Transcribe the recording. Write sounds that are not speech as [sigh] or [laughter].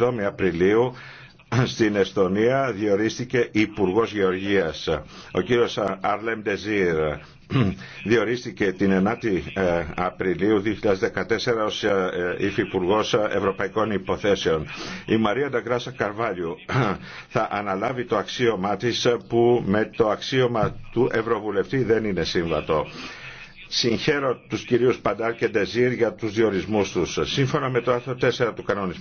7 Απριλίου στην Εστονία διορίστηκε Υπουργός Γεωργίας. Ο κύριος Αρλέμ Ντεζίρ διορίστηκε την 9η ε, Απριλίου 2014 ως ε, Υφυπουργός Ευρωπαϊκών Υποθέσεων. Η Μαρία Νταγκράσα Καρβάλιου [clears throat] θα αναλάβει το αξίωμά της ε, που με το αξίωμα του Ευρωβουλευτή δεν είναι σύμβατο. Συγχαίρω τους κυρίους Παντάρ και Ντεζίρ για τους διορισμούς τους. Σύμφωνα με το άρθρο 4 του κανονισμού